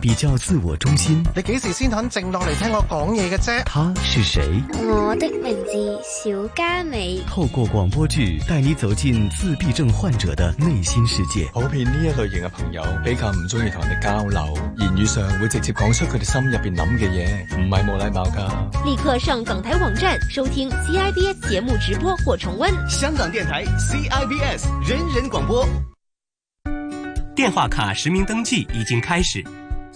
比較自我中心。你幾時先肯靜落嚟，聽我講嘢嘅啫？他是誰？我的名字小嘉美。透過廣播劇，帶你走進自閉症患者的內心世界。普遍呢一類型嘅朋友比較唔中意同人哋交流，言語上會直接講出佢哋心入邊諗嘅嘢，唔係冇禮貌噶。立刻上港台網站收聽 CIBS 節目直播或重溫。香港電台 CIBS 人人廣播。電話卡實名登記已經開始。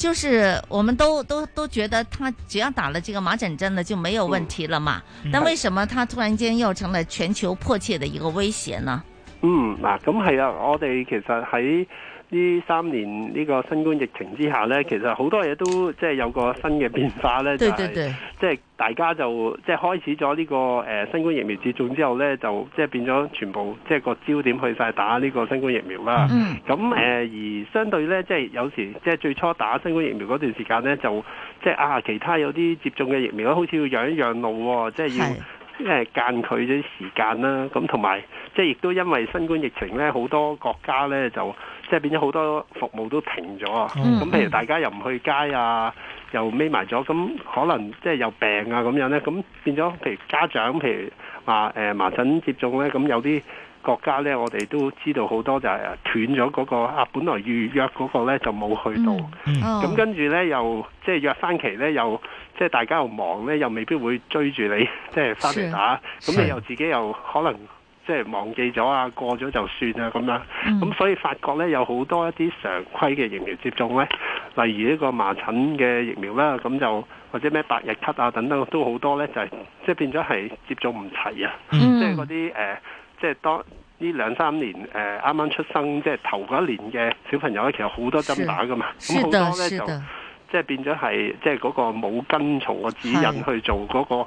就是我們都都都覺得他只要打了這個麻疹針呢就沒有問題了嘛，嗯，但為什麼他突然間又成了全球迫切的一個威脅呢？嗯，嗱，咁係啊，我哋其實喺。呢三年呢個新冠疫情之下呢，其實好多嘢都即係有個新嘅變化呢，對對對，就係即係大家就即係、就是、開始咗呢、這個誒、呃、新冠疫苗接種之後呢，就即係變咗全部即係個焦點去晒打呢個新冠疫苗啦。咁誒、嗯呃、而相對呢，即、就、係、是、有時即係、就是、最初打新冠疫苗嗰段時間呢，就即係、就是、啊其他有啲接種嘅疫苗好似要讓一讓路喎、哦，即、就、係、是、要。即係間距啲時間啦，咁同埋即係亦都因為新冠疫情咧，好多國家咧就即係變咗好多服務都停咗。咁、mm hmm. 譬如大家又唔去街啊，又匿埋咗，咁可能即係又病啊咁樣咧，咁變咗譬如家長譬如話誒麻疹接種咧，咁有啲國家咧，我哋都知道好多就係斷咗嗰、那個啊，本來預約嗰個咧就冇去到，咁、mm hmm. 跟住咧又即係約翻期咧又。即係大家又忙咧，又未必會追住你，即係翻嚟打。咁你又自己又可能即係忘記咗啊，過咗就算啊咁樣。咁、嗯、所以發覺咧有好多一啲常規嘅疫苗接種咧，例如呢個麻疹嘅疫苗啦，咁就或者咩白日咳啊等等都好多咧，就係、是、即係變咗係接種唔齊啊。即係嗰啲誒，即係當呢兩三年誒啱啱出生，即、就、係、是、頭嗰一年嘅小朋友咧，其實好多針打㗎嘛。咁好是多咧就。即係變咗係，即係嗰個冇跟從個指引去做嗰個。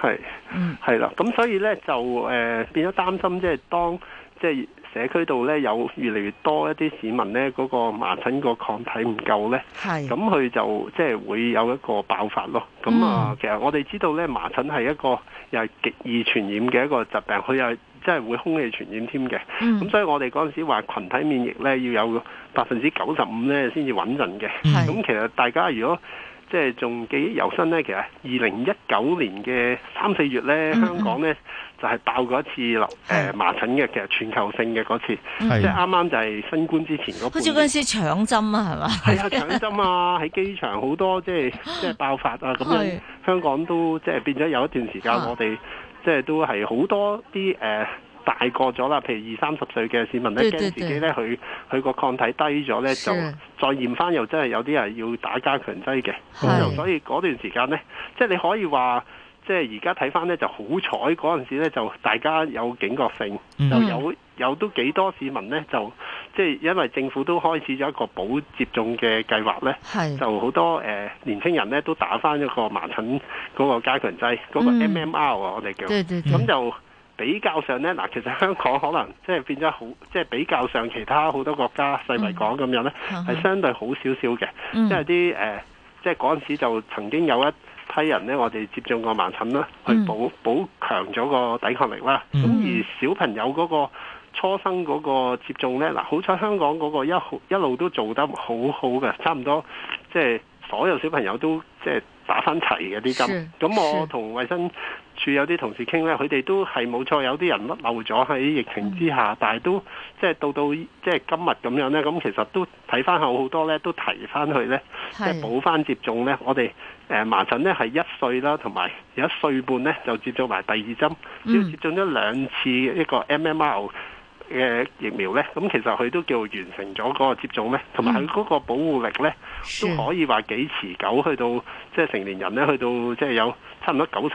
係，係啦，咁所以咧，就誒、呃、變咗擔心，即、就、係、是、當即係、就是、社區度咧有越嚟越多一啲市民咧，嗰、那個麻疹個抗體唔夠咧，係是，咁佢就即係、就是、會有一個爆發咯。咁啊，其實我哋知道咧麻疹係一個又係極易傳染嘅一個疾病，佢又係即係、就是、會空氣傳染添嘅。咁、嗯、所以我哋嗰陣時話群體免疫咧，要有百分之九十五咧先至穩陣嘅。咁是其實大家如果即係仲記憶猶新咧，其實二零一九年嘅三四月咧，香港咧就係、是、爆過一次流誒、呃、麻疹嘅，其實全球性嘅嗰次，即係啱啱就係新冠之前嗰。好似嗰陣時搶針啊，係嘛？係啊，搶針啊！喺 機場好多即係即係爆發啊。咁的樣香港都即係、就是、變咗有一段時間，的我哋即係都係好多啲誒。呃大過咗啦，譬如二三十歲嘅市民咧，驚自己咧，佢佢個抗體低咗咧，的就再驗翻又真係有啲人要打加強劑嘅。咁就的所以嗰段時間咧的，即係你可以話，即係而家睇翻咧，就好彩嗰陣時咧，就大家有警覺性，嗯、就有有都幾多市民咧，就即係因為政府都開始咗一個補接種嘅計劃咧，的就好多、呃、年輕人咧都打翻一個麻疹嗰個加強劑嗰、嗰個 MMR 啊、嗯，我哋叫，咁就。比較上呢，嗱，其實香港可能即係變咗好，即、就、係、是、比較上其他好多國家、世衞講咁樣呢，係、嗯嗯、相對好少少嘅，因為啲誒，即係嗰陣時就曾經有一批人呢，我哋接種過麻疹啦，去補、嗯、補強咗個抵抗力啦。咁、嗯、而小朋友嗰個初生嗰個接種呢，嗱、嗯，好彩香港嗰個一一路都做得好好嘅，差唔多即係所有小朋友都。即係打翻齊嘅啲針，咁我同衛生署有啲同事傾呢，佢哋是都係冇錯，有啲人漏咗喺疫情之下，嗯、但係都即係、就是、到到即係今日咁樣呢。咁其實都睇翻好好多呢，都提翻去呢，即係補翻接種呢。我哋誒、呃、麻疹呢係一歲啦，同埋有一歲半呢就接種埋第二針，嗯、要接種咗兩次一個 MMR。嘅疫苗呢，咁其實佢都叫完成咗嗰個接種呢，同埋佢嗰個保護力呢，都可以話幾持久，去到即係成年人呢，去到即係有差唔多九十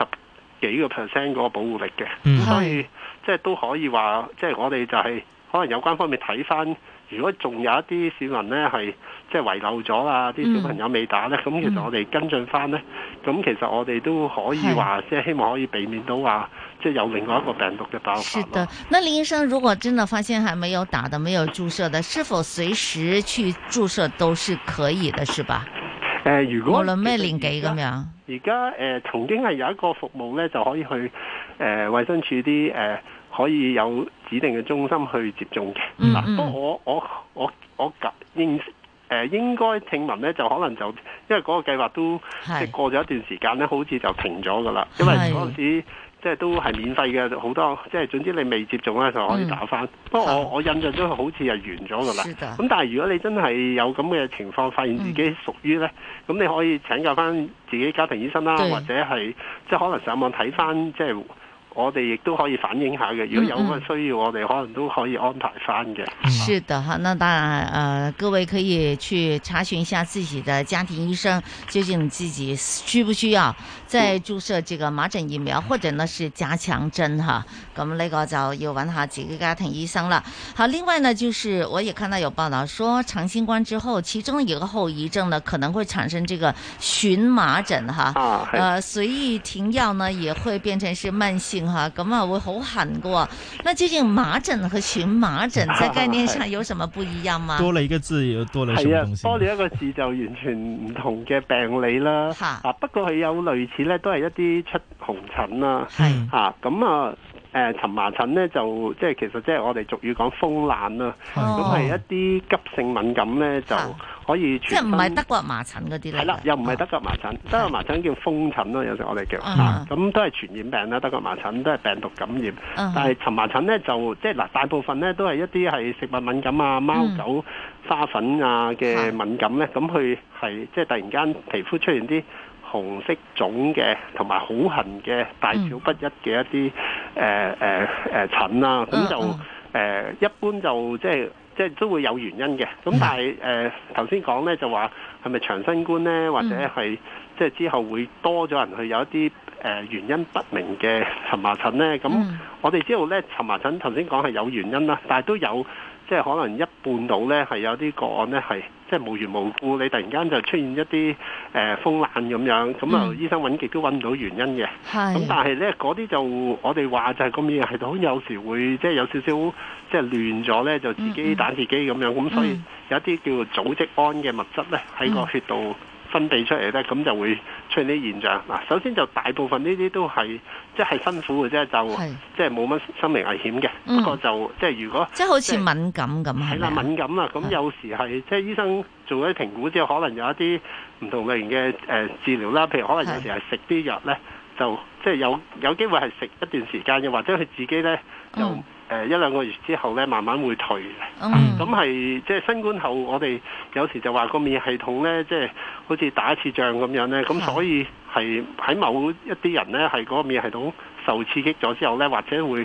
幾個 percent 嗰個保護力嘅，嗯、所以是、即係都可以話，即係我哋就係、是、可能有關方面睇翻。如果仲有一啲市民呢，係即係遺漏咗啊，啲小朋友未打呢。咁、嗯、其實我哋跟進返呢，咁其實我哋都可以話，即係、嗯、希望可以避免到話，即係有另外一個病毒嘅爆發。是的，那林醫生，如果真的發現還沒有打的、沒有注射的，是否隨時去注射都是可以的，是吧？誒、呃，如果無論咩年紀咁樣，而家誒曾經係有一個服務呢，就可以去誒衞、呃、生署啲誒。呃可以有指定嘅中心去接種嘅。嗱、嗯，嗯、不過我我我我覺應誒應該聽聞呢就可能就因為嗰個計劃都過咗一段時間呢，是好似就停咗噶啦。是因為嗰陣時即係、就是、都係免費嘅，好多即係、就是、總之你未接種呢，就可以打翻。嗯、不過我的我印象中好似係完咗噶啦。咁的但係如果你真係有咁嘅情況，發現自己屬於呢，咁、嗯、你可以請教翻自己家庭醫生啦，對或者係即係可能上網睇翻即係。就是我哋亦都可以反映下嘅，如果有乜需要，我哋可能都可以安排翻嘅。是的哈，那當然，誒、呃，各位可以去查詢一下自己的家庭醫生，究竟自己需不需要？即係注射這個麻疹疫苗，或者呢是加強針哈，咁呢，啊啊這個就要揾下自己家庭醫生啦。好，另外呢，就是我也看到有報道說，長新冠之後，其中一個後遺症呢，可能會產生這個蕁麻疹哈。啊啊，呃，隨意停藥呢，也會變成是慢性哈，咁啊會，啊，好痕噶。那究竟麻疹和蕁麻疹在概念上有什麼不一樣嗎？啊，多了一個字又多咗。係啊，多了一個字就完全唔同嘅病理啦。吓，啊，啊不過佢有類似。咧都係一啲出紅疹啦，嚇咁啊！誒，蕁麻疹咧就即係其實即係我哋俗語講風癩啦，咁係一啲急性敏感咧就可以傳。即係唔係德國麻疹嗰啲咧？係啦，又唔係德國麻疹，德國麻疹叫風疹咯，有時我哋叫，咁都係傳染病啦。德國麻疹都係病毒感染，但係蕁麻疹咧就即係嗱，大部分咧都係一啲係食物敏感啊、貓狗花粉啊嘅敏感咧，咁佢係即係突然間皮膚出現啲。紅色腫嘅，同埋好痕嘅，大小不一嘅一啲誒誒誒疹啦，咁、呃呃呃啊、就誒、呃、一般就即係即係都會有原因嘅。咁但係誒頭先講咧就話係咪長生觀咧，或者係即係之後會多咗人去有一啲誒、呃、原因不明嘅蕁麻疹咧？咁我哋知道咧蕁麻疹頭先講係有原因啦，但係都有。即係可能一半到呢，係有啲個案呢，係即係無緣無故，你突然間就出現一啲誒、呃、風癩咁樣，咁啊、嗯、醫生揾極都揾唔到原因嘅。咁是但係呢，嗰啲就我哋話就係咁樣，係度有時會即係有少少即係亂咗呢，就自己打自己咁樣。咁、嗯嗯、所以有一啲叫做組織胺嘅物質呢，喺個血度。嗯嗯分泌出嚟咧，咁就會出現啲現象。嗱，首先就大部分呢啲都係即係辛苦嘅啫，就即係冇乜生命危險嘅。嗯、不過就即係如果即係好似敏感咁係啦，敏感啦。咁的有時係即係醫生做咗啲評估之後，可能有一啲唔同類型嘅誒、呃、治療啦。譬如可能有時係食啲藥咧的，就即係有有機會係食一段時間，嘅，或者佢自己咧又。嗯就誒、呃、一兩個月之後咧，慢慢會退嘅。咁係即係新冠後，我哋有時就話個免疫系統咧，即、就、係、是、好似打一次仗咁樣咧。咁所以係喺某一啲人咧，係嗰個免疫系統受刺激咗之後咧，或者會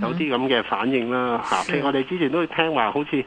有啲咁嘅反應啦。嚇、嗯！譬如我哋之前都聽話，好似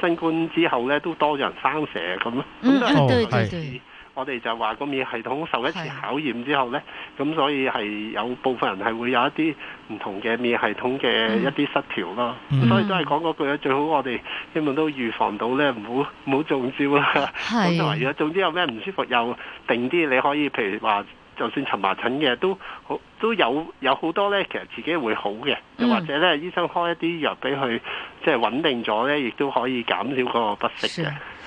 新冠之後咧，都多咗人生蛇咁。嗯，哦、是對對對。我哋就話個免疫系統受一次考驗之後呢，咁是、啊、所以係有部分人係會有一啲唔同嘅免疫系統嘅一啲失調咯。嗯、所以都係講嗰句啊，最好我哋希望都預防到呢，唔好唔好中招啦。同埋如果總之有咩唔舒服又定啲，你可以譬如話，就算蕁麻疹嘅都好，都有有好多呢。其實自己會好嘅，嗯、又或者呢醫生開一啲藥俾佢，即係穩定咗呢，亦都可以減少嗰個不適嘅。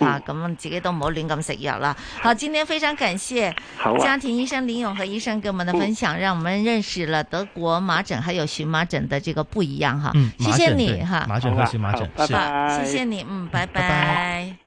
嗯、啊，咁自己都唔好亂咁食藥啦。好，今天非常感謝家庭醫生林永和醫生給我們的分享，讓我們認識了德國麻疹還有蕁麻疹的這個不一樣哈。嗯，謝謝你哈、嗯，麻疹和蕁麻疹，拜拜。謝謝你，嗯，拜拜。嗯，拜拜。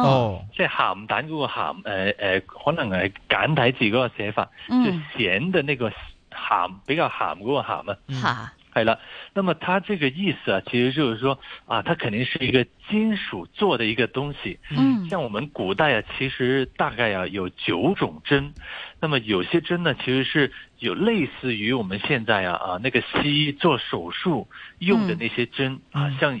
哦，即係鹹蛋嗰個鹹，誒誒、呃，可能係簡體字嗰個寫法，嗯、就鹹的那個鹹比較鹹嗰個鹹啊。好、嗯一 right、了那麼它這個意思啊，其實就是說啊，它肯定是一個金屬做的一個東西。嗯，像我們古代啊，其實大概啊有九種針，那麼有些針呢，其實是有類似於我們現在啊啊那個西醫做手術用的那些針、嗯、啊，像。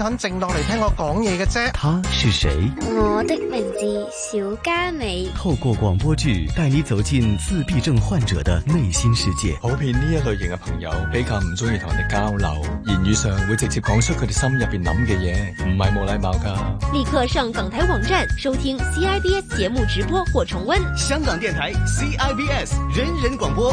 冷靜落嚟聽我講嘢嘅啫。他是誰？我的名字小嘉美。透過廣播劇帶你走進自閉症患者的內心世界。普遍呢一類型嘅朋友比較唔中意同你交流，言語上會直接講出佢哋心入邊諗嘅嘢，唔係冇禮貌噶。立刻上港台網站收聽 CIBS 節目直播或重溫。香港電台 CIBS 人人廣播。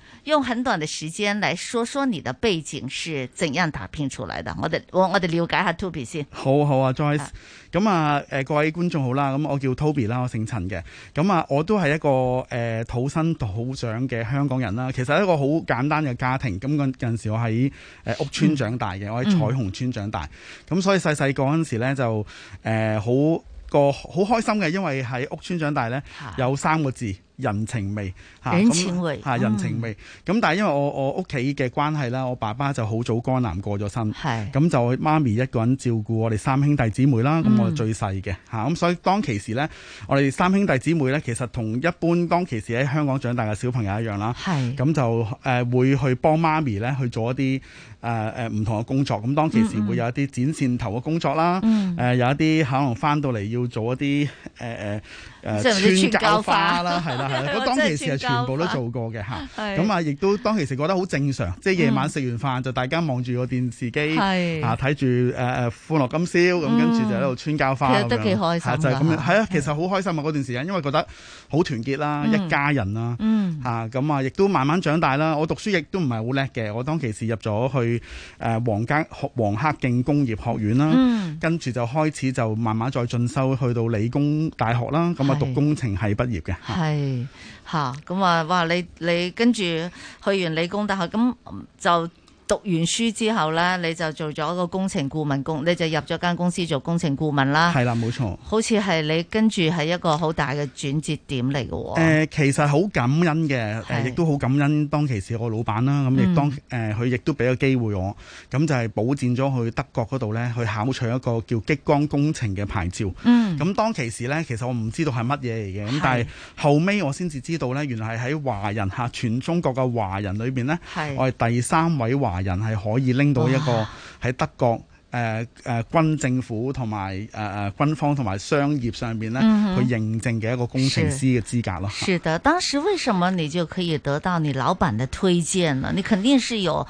用很短的時間來說說你的背景是怎樣打拼出來的。我哋我我哋了解下 Toby 先。好，好啊，Joyce，咁啊，誒、呃，各位觀眾好啦，咁我叫 Toby 啦，我姓陳嘅。咁啊，我都係一個誒、呃、土生土長嘅香港人啦，其實一個好簡單嘅家庭。咁嗰陣時我喺誒屋村長大嘅，嗯、我喺彩虹村長大。咁、嗯、所以細細、呃、個嗰陣時呢，就誒好個好開心嘅，因為喺屋村長大呢，有三個字。啊人情味嚇，咁嚇人情味咁，但係因為我我屋企嘅關係咧，我爸爸就好早肝癌過咗身，係咁是就媽咪一個人照顧我哋三兄弟姊妹啦。咁、嗯、我最細嘅嚇，咁、啊、所以當其時呢，我哋三兄弟姊妹呢，其實同一般當其時喺香港長大嘅小朋友一樣啦。係咁是就誒、呃、會去幫媽咪呢去做一啲誒誒唔同嘅工作。咁當其時會有一啲剪線頭嘅工作啦，誒、嗯嗯呃、有一啲可能返到嚟要做一啲誒誒。呃誒穿膠花啦，係啦係啦，我當其時係全部都做過嘅嚇，咁啊亦都當其時覺得好正常，即係夜晚食完飯就大家望住個電視機，啊睇住誒誒歡樂今宵咁，跟住就喺度穿膠花。其實都幾開心就係咁樣，係啊，其實好開心啊嗰段時間，因為覺得好團結啦，一家人啦，嚇咁啊亦都慢慢長大啦，我讀書亦都唔係好叻嘅，我當其時入咗去誒黃家學黃克競工業學院啦，跟住就開始就慢慢再進修去到理工大學啦，咁。我讀工程系畢業嘅，係吓咁啊！哇，你你跟住去完理工大學，咁就。讀完書之後呢，你就做咗個工程顧問工，你就入咗間公司做工程顧問啦。係啦，冇錯。好似係你跟住係一個好大嘅轉折點嚟嘅。誒、呃，其實好感恩嘅，亦都好感恩當其時，我老闆當時、呃、個老闆啦。咁亦當誒，佢亦都俾個機會我，咁就係保薦咗去德國嗰度呢，去考取一個叫激光工程嘅牌照。嗯。咁、嗯、當其時呢，其實我唔知道係乜嘢嚟嘅，咁但係後尾我先至知道呢，原來係喺華人吓，全中國嘅華人裏邊咧，是是我係第三位華人。人係可以拎到一個喺德國誒誒、呃呃、軍政府同埋誒誒軍方同埋商業上邊咧去認證嘅一個工程師嘅資格咯。是的，當時為什麼你就可以得到你老闆的推薦呢？你肯定是有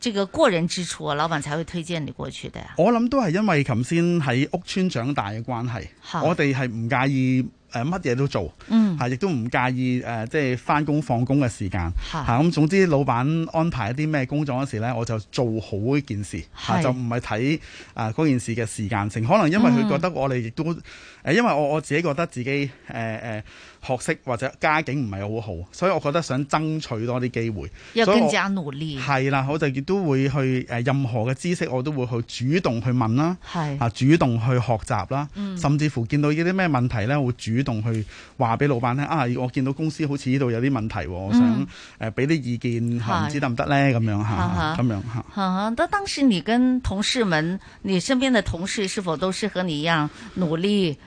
這個過人之處啊，老闆才會推薦你過去的，啊。我諗都係因為琴先喺屋村長大嘅關係，是的，我哋係唔介意。誒乜嘢都做，嚇亦都唔介意誒，即係翻工放工嘅時間，嚇咁總之，老闆安排一啲咩工作嗰時呢，我就做好一件事，嚇就唔係睇誒嗰件事嘅時間性，可能因為佢覺得我哋亦都。因為我我自己覺得自己誒誒、呃、學識或者家境唔係好好，所以我覺得想爭取多啲機會，要更加努力。係啦，我就亦都會去任何嘅知識我都會去主動去問啦，是啊，主動去學習啦，嗯、甚至乎見到呢啲咩問題咧，會主動去話俾老闆聽啊！我見到公司好似呢度有啲問題，我想誒俾啲意見吓唔是知得唔得咧？咁樣嚇咁樣嚇。啊！但哈、啊、當時你跟同事們，你身邊嘅同事是否都是和你一樣努力？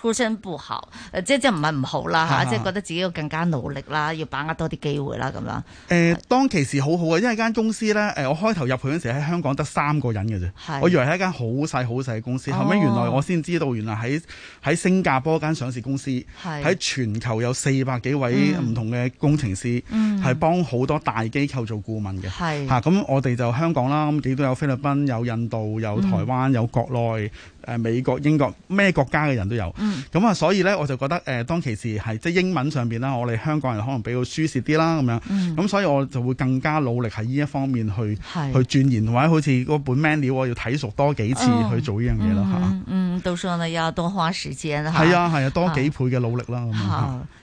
出身不好，即即唔係唔好啦嚇，即覺得自己要更加努力啦，要把握多啲機會啦咁、嗯、樣。誒，當其時好好啊，因為間公司呢，誒，我開頭入去嗰陣時喺香港得三個人嘅啫，是我以為係一間好細好細嘅公司，哦、後尾原來我先知道，原來喺喺新加坡間上市公司，喺是全球有四百幾位唔同嘅工程師，係、嗯、幫好多大機構做顧問嘅。嚇是，咁、啊、我哋就香港啦，咁亦都有菲律賓、有印度、有台灣、有國內。嗯誒，美國、英國咩國家嘅人都有，咁啊、嗯，所以咧我就覺得誒，當其時係即係英文上面啦，我哋香港人可能比較舒適啲啦，咁、嗯、樣，咁所以我就會更加努力喺呢一方面去是去鑽研，或者好似個本 m e n u 我要睇熟多幾次、嗯、去做呢樣嘢啦嚇。嗯，都說呢要多花時間啦。係啊，係啊，啊，啊，多幾倍嘅努力啦咁好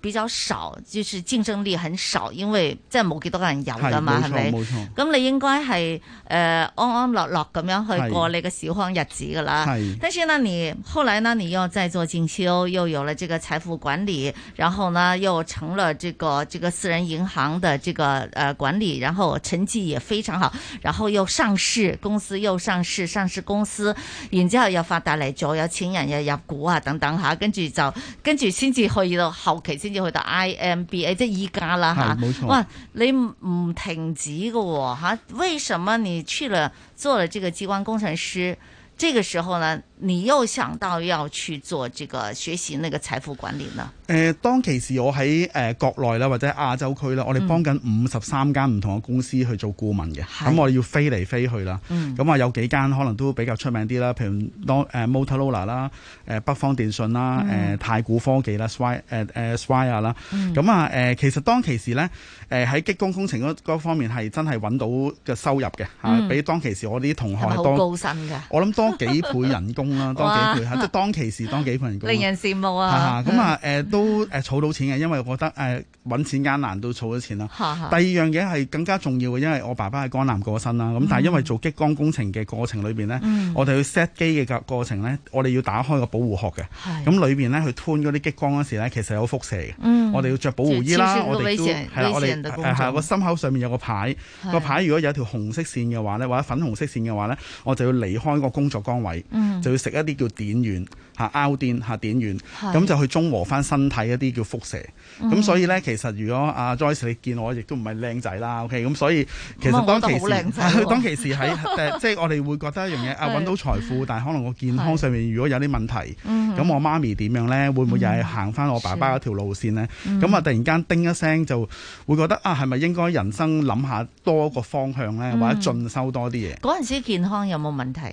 比較少，就是競爭力很少，因為真係冇幾多個人有㗎嘛，係咪？冇錯。咁你應該係誒安安樂樂咁樣去過你個小康日子㗎啦。係對，但是呢，你後來呢，你又再做進修，又有了這個財富管理，然後呢，又成了這個這個私人銀行的這個誒、呃、管理，然後成績也非常好，然後又上市公司又上市，上市公司，然之後又發達嚟咗，有錢人又入股啊等等嚇、啊，跟住就跟住先至去到後期先。要去到 IMBA 即係依家啦吓，冇錯，哇，你唔停止個喎吓，為什麼你去了做了這個激光工程師，這個時候呢？你又想到要去做這個學習那個財富管理呢？誒、呃，當其時我喺誒、呃、國內啦，或者亞洲區啦，嗯、我哋幫緊五十三間唔同嘅公司去做顧問嘅，咁、嗯、我哋要飛嚟飛去啦。咁啊、嗯，有幾間可能都比較出名啲啦，譬如當誒 Motorola 啦，誒、呃、北方電信啦，誒、嗯呃、太古科技啦，Swi 誒、呃、誒、呃、Swire 啦。咁、嗯、啊，誒、呃、其實當其時咧，誒、呃、喺激光工程嗰嗰方面係真係搵到嘅收入嘅吓、嗯，比當其時我啲同學係多高薪嘅。我諗多幾倍人工。 多幾倍嚇，即係當其時多幾份工令人羨慕啊！咁啊誒，都誒儲到錢嘅，因為我覺得誒揾錢艱難都儲到錢啦。第二樣嘢係更加重要嘅，因為我爸爸喺江南過身啦。咁但係因為做激光工程嘅過程裏邊呢，我哋去 set 機嘅個過程呢，我哋要打開個保護殼嘅，咁裏邊呢，去吞嗰啲激光嗰時咧，其實有輻射嘅。我哋要着保護衣啦，我哋都係啦，我哋係心口上面有個牌，個牌如果有條紅色線嘅話呢，或者粉紅色線嘅話呢，我就要離開個工作崗位，就要。食一啲叫碘丸。啊，摳電嚇電源，咁是就去中和翻身體一啲叫輻射。咁、嗯、哼所以呢，其實如果阿、啊、Joyce 你見我亦都唔係靚仔啦，OK，咁所以其實當其時，嗯啊、當其時喺 即係我哋會覺得一樣嘢，是啊揾到財富，但係可能我健康上面如果有啲問題，咁是我媽咪點樣呢？會唔會又係行翻我爸爸嗰條路線呢？咁啊，嗯、我突然間叮一聲就會覺得啊，係咪應該人生諗下多個方向呢？或者進修多啲嘢？嗰陣、嗯、時健康有冇問題㗎？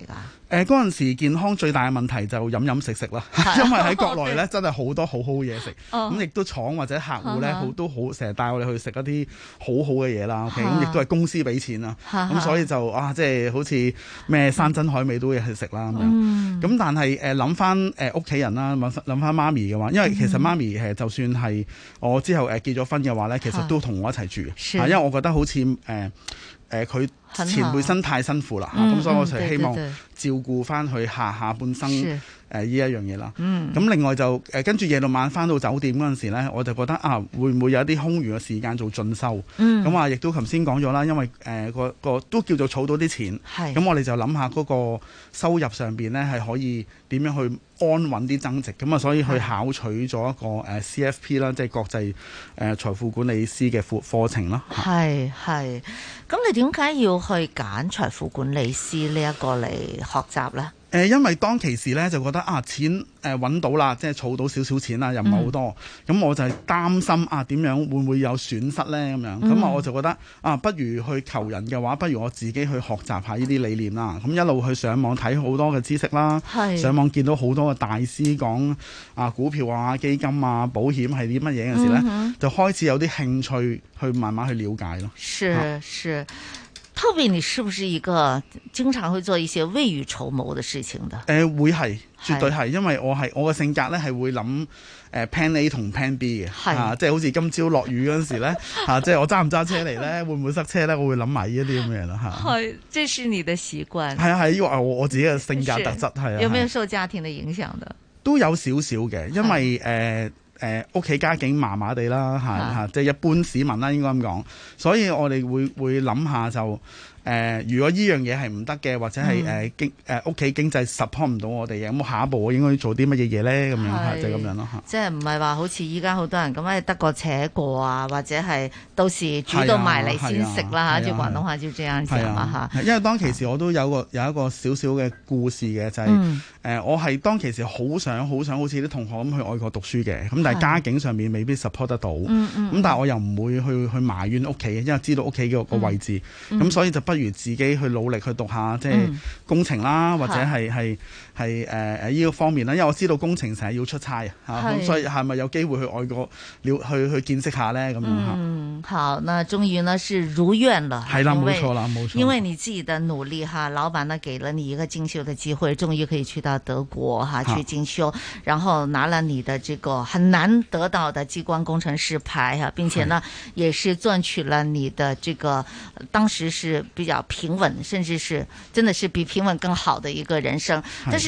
誒、呃，嗰陣時健康最大嘅問題就飲飲食。食啦， 因為喺國內咧真係好多好好嘢食，咁亦、 嗯嗯、都廠或者客戶咧好、啊、都好，成日帶我哋去食一啲好好嘅嘢啦。咁亦都係公司俾錢啦，咁所以就啊，即、就、係、是、好似咩山珍海味都要去食啦咁樣。咁但係誒諗翻誒屋企人啦，諗諗翻媽咪嘅話，因為其實媽咪誒就算係我之後誒結咗婚嘅話咧，其實都同我一齊住，是因為我覺得好似誒誒佢前半生太辛苦啦，咁、嗯嗯、所以我就希望照顧翻佢下下半生。誒呢一樣嘢啦，咁、嗯、另外就跟住夜到晚翻到酒店嗰陣時呢，我就覺得啊，會唔會有啲空餘嘅時間做進修？咁啊、嗯，亦都頭先講咗啦，因為誒、呃、個個都叫做儲到啲錢，咁是我哋就諗下嗰個收入上邊呢，係可以點樣去安穩啲增值，咁啊，所以去考取咗一個 CFP 啦、嗯，即係國際誒財富管理師嘅課程啦。係係，咁你點解要去揀財富管理師呢一個嚟學習呢？呃、因為當其時咧就覺得啊，錢誒揾、呃、到啦，即係儲到少少錢啦，又唔係好多，咁、嗯、我就係擔心啊，點樣會唔會有損失呢？咁樣，咁啊，嗯、我就覺得啊，不如去求人嘅話，不如我自己去學習下呢啲理念啦。咁、嗯、一路去上網睇好多嘅知識啦，是上網見到好多嘅大師講啊股票啊、基金啊、保險係啲乜嘢嘅時候呢，嗯嗯就開始有啲興趣去慢慢去了解咯。是、啊、是。Toby，你是不是一個經常會做一些未雨綢繆的事情的？誒、呃，會係絕對係，因為我係我嘅性格咧係會諗誒 plan A 同 plan B 嘅，吓是、啊、即係好似今朝落雨嗰時咧吓、 啊，即係我揸唔揸車嚟咧，會唔會塞車咧？我會諗埋呢一啲咁嘢啦吓。係、啊，這是你的習慣。係啊係，因為我我自己嘅性格特質係啊。有沒有受家庭的影響的？都有少少嘅，因為誒。是呃誒屋企家境麻麻地啦，嚇嚇，即係一般市民啦，應該咁講，所以我哋會會諗下就。誒、呃，如果依樣嘢係唔得嘅，或者係誒經誒屋企經濟 support 唔到我哋嘅，咁下一步我應該做啲乜嘢嘢咧？咁樣是就係咁樣咯，即係唔係話好似依家好多人咁樣得過且過啊，或者係到時煮到埋嚟先食啦嚇，照華東嚇，照 JN 嘅嘛。因為當其時我都有個有一個少少嘅故事嘅，就係、是、誒、嗯呃、我係當其時想想好想好想好似啲同學咁去外國讀書嘅，咁但係家境上面未必 support 得到，咁、嗯嗯、但係我又唔會去去埋怨屋企嘅，因為知道屋企嘅個位置，咁、嗯嗯、所以就不。不如自己去努力去讀下，即係工程啦，嗯，或者係係。是係，誒誒，呢個方面，因為我知道工程成日要出差是啊，咁所以係咪有機會去外國了去去見識一下呢？咁樣，嗯，好，那終於呢是如願了，係啦，冇錯啦，冇錯，因為你自己的努力哈，老闆呢給了你一個進修的機會，終於可以去到德國哈去進修，是然後拿了你的這個很難得到的激光工程師牌哈，並且呢是也是賺取了你的這個當時是比較平穩，甚至是真的是比平穩更好的一個人生，但是。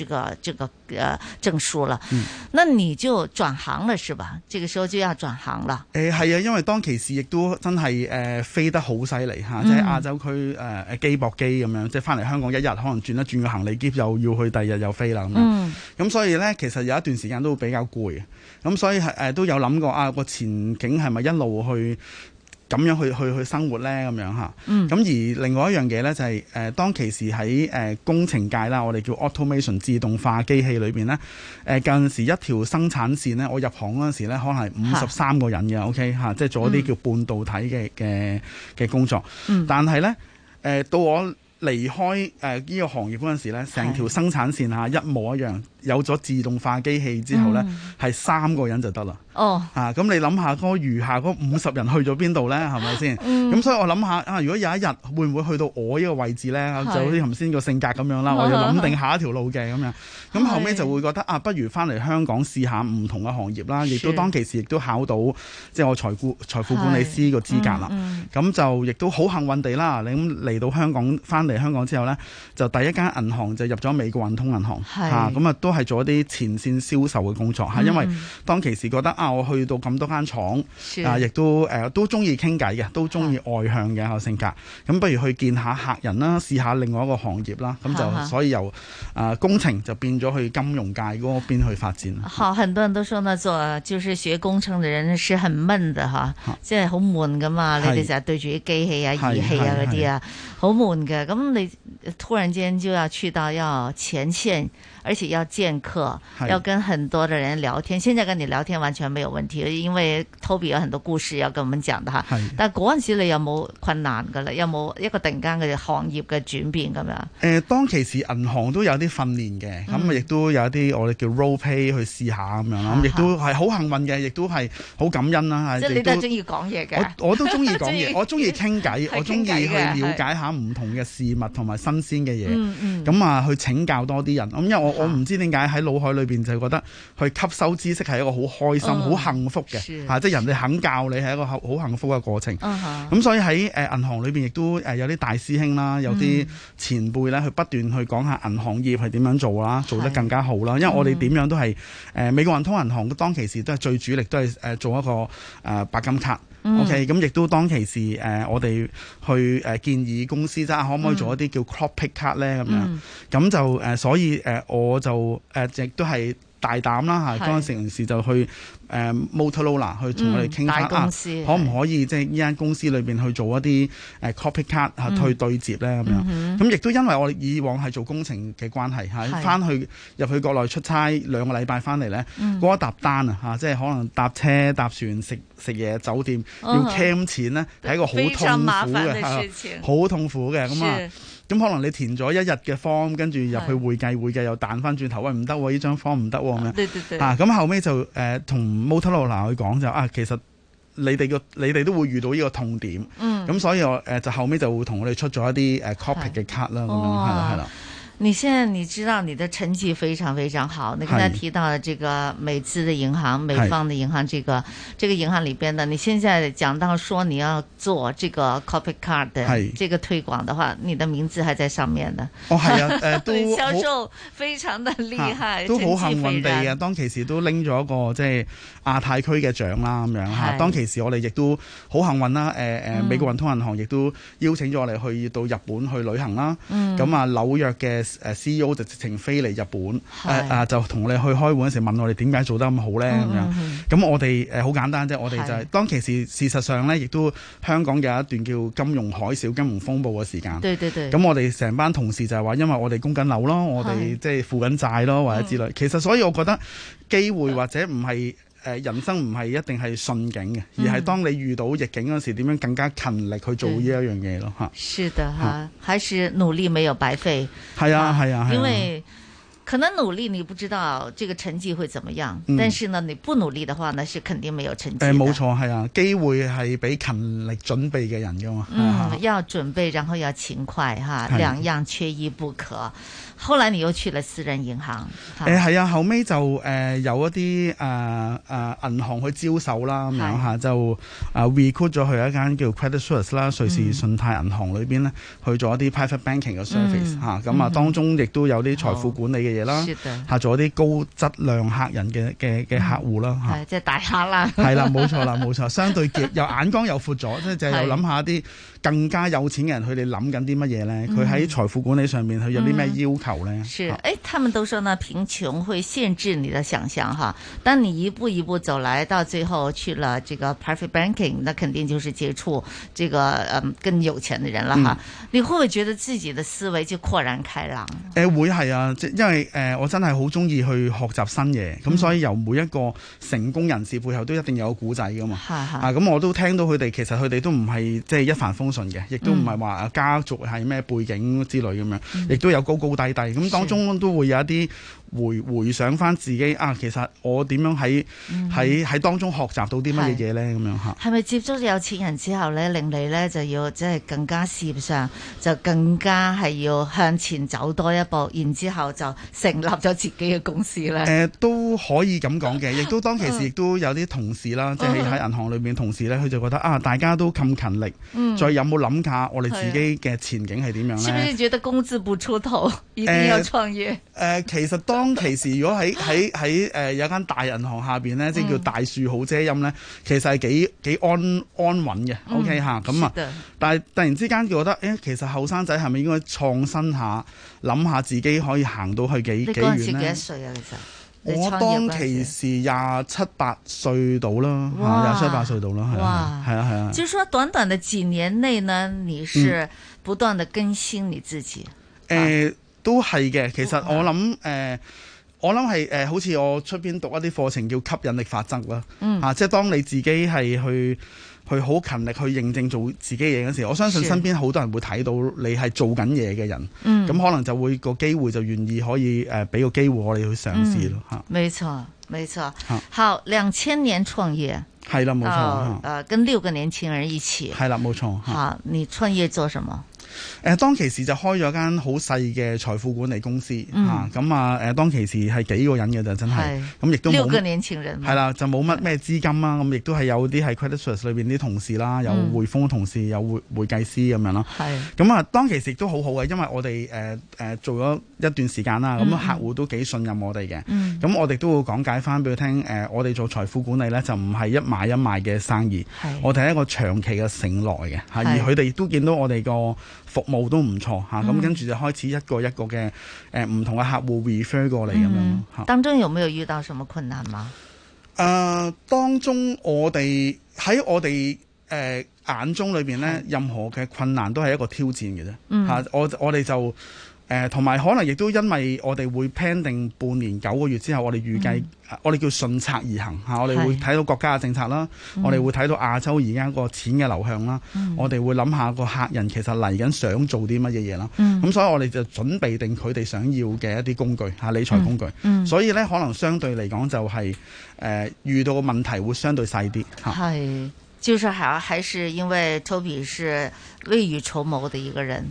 這個這個誒、啊、證書啦，嗯，那你就轉行了是吧？這個時候就要轉行了。誒係啊，因為當其時亦都真係誒、呃、飛得好犀利吓，即係亞洲區誒誒、呃、機駁機咁樣，即係翻嚟香港一日可能轉一轉個行李喼，又要去第二日又飛啦咁樣。咁、嗯嗯嗯、所以咧，其實有一段時間都比較攰，咁、嗯、所以係誒、呃、都有諗過啊個前景係咪一路去？咁樣去去去生活呢，咁樣嚇。咁而另外一樣嘢呢，就係、是、誒、呃、當其時喺誒、呃、工程界啦，我哋叫 automation 自動化機器裏邊呢，誒近時一條生產線呢，我入行嗰陣時呢，可能係五十三個人嘅是，OK 嚇、啊，即係做一啲叫半導體嘅嘅嘅工作。但係呢，誒、呃、到我離開誒呢、呃這個行業嗰陣時呢，成條生產線嚇一模一樣。有咗自動化機器之後呢，係、嗯、三個人就得啦。哦，咁、啊、你諗下嗰餘下嗰五十人去咗邊度呢？係咪先？咁、嗯嗯、所以我諗下啊，如果有一日會唔會去到我呢個位置呢？是就好似頭先個性格咁樣啦，哦嗯、我要諗定下一條路嘅咁樣。咁、啊、是後尾就會覺得啊，不如翻嚟香港試下唔同嘅行業啦。亦是都當其時亦都考到即係、就是、我財顧、財富管理師個資格啦。咁、嗯嗯啊、就亦都好幸運地啦。你咁嚟到香港，翻嚟香港之後呢，就第一間銀行就入咗美國運通銀行。咁是啊都。都係做一啲前線銷售嘅工作吓，因為當其時覺得啊，我去到咁多間廠啊，亦都誒都中意傾偈嘅，都中意外向嘅性格。咁不如去見下客人啦，試下另外一個行業啦。咁就所以由啊工程就變咗去金融界嗰邊去發展。吓，很多人都說咧，做，就是學工程嘅人是很悶嘅，吓，即係好悶噶嘛。你哋成日對住啲機器啊、儀器啊嗰啲啊，好悶嘅。咁你突然間就要去到要前線，而且要。見客要跟很多嘅人聊天。現在跟你聊天完全沒有問題，因為 Toby 有很多故事要跟我們講的哈。是但嗰陣時你有冇困難噶咧？有冇一個突然間嘅行業嘅轉變咁樣？誒、呃，當其時銀行都有啲訓練嘅，咁亦、嗯、都有一啲我哋叫 role play 去試下咁樣啦，咁亦、嗯、都係好幸運嘅，亦都係好感恩啦。即係的都你都係中意講嘢嘅，我都中意講嘢， 最我中意傾偈，我中意去了解下唔同嘅事物同埋新鮮嘅嘢，咁啊、嗯嗯、去請教多啲人。咁因為我我唔知你。嗯解喺腦海裏邊就覺得去吸收知識係一個好開心、好幸福嘅吓，哦、即係人哋肯教你係一個好幸福嘅過程。咁、哦、哈所以喺誒銀行裏邊亦都誒有啲大師兄啦，有啲前輩咧去不斷去講下銀行業係點樣做啦，做得更加好啦。嗯、因為我哋點樣都係誒美國運通銀行，當其時都係最主力，都係誒做一個誒白金卡。O.K. 咁亦都當其時誒，我哋去誒建議公司啦，嗯、可唔可以做一啲叫 crop pick card 咧？咁、嗯、樣咁就誒，所以誒，我就誒亦、呃、都係大膽啦嚇，是當其時就去。誒 Motorola 去同我哋傾翻可唔可以即係呢間公司裏邊去做一啲誒 copy card 啊，去對接咧咁樣？咁亦都因為我以往係做工程嘅關係嚇，翻去入去國內出差兩個禮拜翻嚟咧，嗰一沓單啊嚇，即係可能搭車搭船食食嘢酒店要 cam 錢咧，係一個好痛苦嘅嚇，好痛苦嘅咁啊。咁可能你填咗一日嘅 form，跟住入去會計會計又彈翻轉頭，喂唔得喎，呢張 form 唔得喎咁樣。嚇、啊！咁、啊啊、後尾就誒同摩托羅拉去講就啊，其實你哋個你哋都會遇到呢個痛點。嗯。咁、啊、所以我誒就、呃、後尾就會同佢哋出咗一啲誒 copy 嘅卡啦咁樣係啦。對哦你現在你知道你的成績非常非常好，你剛才提到的這個美資的銀行、是美方的銀行，這個是這個銀行裏邊的，你現在講到說你要做這個 copycard 的這個推廣的話，是你的名字還在上面的。哦係啊，對、呃、 很銷售非常的厲害，啊、都好幸運地嘅，當其時都拎咗一個即係亞太區嘅獎啦咁是樣吓，當其時我哋亦都好幸運啦，誒、呃、誒美國運通銀行亦都邀請咗我哋去到日本去旅行啦，咁、嗯、啊紐約嘅。誒 C.E.O 就直情飛嚟日本，誒是、啊、就同我哋去開會嗰時問我哋點解做得咁好呢。咁樣、嗯，咁、嗯嗯、我哋誒好簡單啫，我哋就係、是、是當其時，事實上呢，亦都香港有一段叫金融海嘯、金融風暴嘅時間。對對對，咁我哋成班同事就係話，因為我哋供緊樓咯，我哋即係負緊債咯，或者之類。是其實所以我覺得機會或者唔係。.呃、人生唔係一定係順境嘅，而係當你遇到逆境嗰時候，點樣更加勤力去做呢一樣嘢咯？嚇、嗯，是的嚇，哈嗯、還是努力沒有白費。係啊係啊，因為可能努力你不知道這個成績會怎麼樣，嗯、但是呢你不努力的話呢，呢是肯定沒有成績。冇、呃、錯係啊，機會係俾勤力準備嘅人㗎嘛。嗯，啊、要準備，然後要勤快，哈，啊、兩樣缺一不可。後來你又去了私人銀行？誒係、欸、啊，後尾就誒、呃、有一啲誒誒銀行去招手啦咁樣吓，就誒 recruit 咗去一間叫 Credit Suisse 啦，瑞士信貸銀行裏邊咧，去做一啲 private banking 嘅 service 吓、嗯，咁啊、嗯嗯、當中亦都有啲財富管理嘅嘢啦，吓、哦、做一啲高質量客人嘅嘅嘅客戶啦吓，即係、嗯啊就是、大客啦，係啦冇錯啦冇錯，相對結又眼光又闊咗， 即係又諗下啲。更加有錢嘅人佢哋諗緊啲乜嘢呢？佢喺財富管理上面佢有啲咩要求呢？嗯嗯、是，誒、欸，他們都說呢，貧窮會限制你的想象哈。當你一步一步走來，到最後去了這個 Perfect Banking，那肯定就是接觸這個誒、嗯、更有錢的人啦。嚇、啊，你會唔會覺得自己的思維就豁然開朗？誒、欸，會係啊，即因為誒、呃、我真係好中意去學習新嘢，咁、嗯、所以由每一個成功人士背後都一定有古仔噶嘛。哈哈啊，咁、嗯、我都聽到佢哋其實佢哋都唔係即係一帆風嗯信嘅，亦都唔係話家族係咩背景之類咁樣，亦、嗯、都有高高低低，咁當中都會有一啲。回回想翻自己啊，其實我點樣喺喺喺當中學習到啲乜嘢咧？咁樣吓，係咪接觸有錢人之後咧，令你咧就要即係、就是、更加事業上就更加係要向前走多一步，然之後就成立咗自己嘅公司咧？誒、呃、都可以咁講嘅，亦 都當其時亦都有啲同事啦，即係喺銀行裏面同事咧，佢就覺得啊，大家都咁勤力，再、嗯、有冇諗下我哋自己嘅前景係點樣呢，咧？是咪是覺得工資不出頭、呃、一定要創業誒、呃呃，其實當。當其時，如果喺喺喺誒有間大銀行下邊咧，即叫大樹好遮陰咧，其實係幾幾安安穩嘅。OK 吓、嗯，咁啊，但係突然之間覺得，誒、欸，其實後生仔係咪應該創新下，諗下自己可以行到去幾幾遠咧？你嗰幾多歲啊？其實我當其時廿七八歲到啦，廿七八歲到啦，係啊，係啊。就是說，短短嘅幾年內呢，你是不斷地更新你自己。誒、嗯。啊呃都係嘅，其實我諗，誒、呃，我諗係，誒、呃，好似我出邊讀一啲課程叫吸引力法則啦，吓、嗯啊，即係當你自己係去，去好勤力去認證做自己嘢嗰時候，我相信身邊好多人會睇到你係做緊嘢嘅人，咁、嗯、可能就會、那個機會就願意可以，誒、呃，俾個機會我哋去嘗試咯，吓、啊嗯。沒錯，沒錯。好，兩千年創業，係啦，冇錯。誒、呃，跟六個年輕人一起，係啦，冇錯。好，你創業做什麼？誒，當其時就開咗間好細嘅財富管理公司，吓咁啊！誒，當其時係幾個人嘅咋，真係咁亦都六個年輕人，係啦，就冇乜咩資金啦，咁亦都係有啲係 Credit Suisse 裏邊啲同事啦，有匯豐嘅同事，有會會計師咁樣咯，係咁啊！當其時亦都好好嘅，因為我哋誒誒做咗一段時間啦，咁客戶都幾信任我哋嘅，咁我哋都會講解翻俾佢聽，誒，我哋做財富管理咧就唔係一買一賣嘅生意，我哋係一個長期嘅省內嘅吓，而佢哋亦都見到我哋個。服務都唔錯嚇，咁跟住就開始一個一個嘅誒唔同嘅客戶 refer 過嚟咁樣。當中有沒有遇到什麼困難嗎？誒、呃，當中我哋喺我哋誒眼中裏邊咧，任何嘅困難都係一個挑戰嘅啫。嚇、嗯，我我哋就。誒，同埋、呃、可能亦都因為我哋會 plan 定半年九個月之後，我哋預計，嗯、我哋叫順策而行嚇是、啊，我哋會睇到國家嘅政策啦，嗯、我哋會睇到亞洲而家個錢嘅流向啦，嗯、我哋會諗下個客人其實嚟緊想做啲乜嘢嘢啦。咁、嗯啊、所以我哋就準備定佢哋想要嘅一啲工具嚇、啊、理財工具。嗯嗯、所以呢，可能相對嚟講就係、是、誒、呃、遇到個問題會相對細啲嚇。係、啊，就係、係呀還是因為 Toby 是未雨綢繆嘅一個人。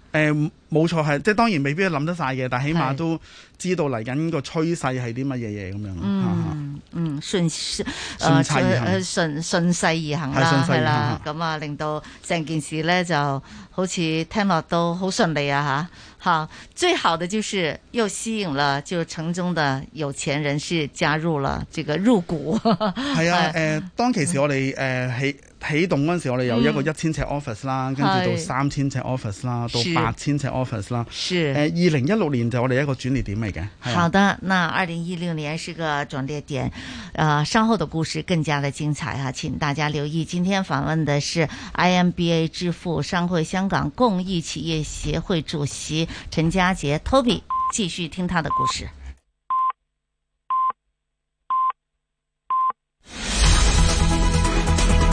誒，冇錯、嗯，係即係當然，未必諗得晒嘅，但起碼都知道嚟緊個趨勢係啲乜嘢嘢咁樣咯。嗯，順順順勢而行啦，係啦，咁啊令到成件事咧就好似聽落都好順利啊吓。好，最好嘅，就是又吸引了就城中嘅有錢人士加入了這個入股。係啊，誒，當其時我哋誒係。起動嗰陣時，我哋有一個一千尺 office 啦，嗯、跟住到三千尺 office 啦，是到八千尺 office 啦。是誒，二零一六年就我哋一個轉捩點嚟嘅。的好的，那二零一六年是個轉捩點，呃，稍後的故事更加的精彩哈，請大家留意。今天訪問的是 IMBA 致富商會香港公益企業協會主席陳家傑 Toby，繼續聽他的故事。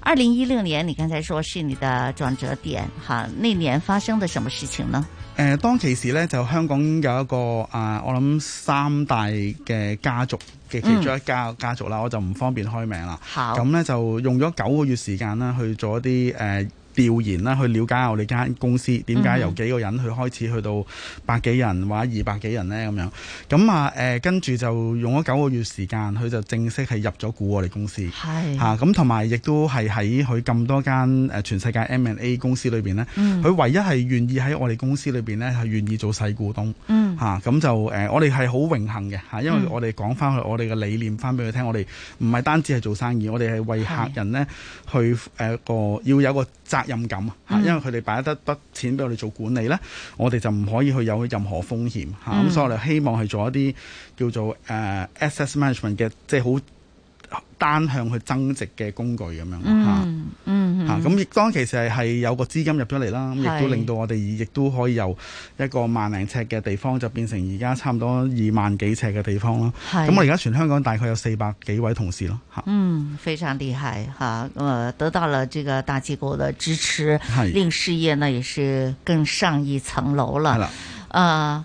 二零一六年，你剛才說是你的轉折點，哈，那年發生的什麼事情呢？誒、呃，當其時呢，就香港有一個啊、呃，我諗三大嘅家族嘅其中一家、嗯、家族啦，我就唔方便開名啦，咁好呢就用咗九個月時間啦，去做一啲誒。呃調研啦，去了解下我哋間公司點解由幾個人去開始去到百幾人或者二百幾人咧咁樣，咁啊誒跟住就用咗九個月時間，佢就正式係入咗股我哋公司。係吓是，咁同埋亦都係喺佢咁多間誒全世界 M and A 公司裏邊咧，佢、嗯、唯一係願意喺我哋公司裏邊咧係願意做細股東，嗯、吓、啊，咁就誒、呃、我哋係好榮幸嘅吓，因為我哋講翻去我哋嘅理念翻俾佢聽，我哋唔係單止係做生意，我哋係為客人咧是去誒、呃、個要有個責任。任感啊，吓，因為佢哋擺得筆錢俾我哋做管理咧，我哋就唔可以去有任何風險吓。咁所以我哋希望係做一啲叫做誒、uh, asset management 嘅，即係好。單向去增值嘅工具咁樣吓，吓，咁亦當其實係有個資金入咗嚟啦，咁亦都令到我哋亦都可以由一個萬零尺嘅地方就變成而家差唔多二萬幾尺嘅地方咯。咁是、啊、我而家全香港大概有四百幾位同事咯。啊、嗯，非常厲害吓，咁啊得到了這個大機構的支持，令事業呢也是更上一層樓了。的啊！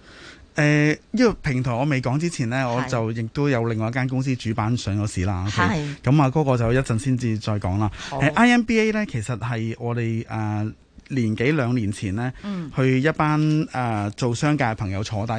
誒，呢、呃這個平台我未講之前呢，是我就亦都有另外一間公司主板上咗市啦。OK 咁啊，嗰個就一陣先至再講啦。IMBA 呢，其實係我哋誒。呃年幾兩年前咧，嗯、去一班誒、呃、做商界嘅朋友坐低，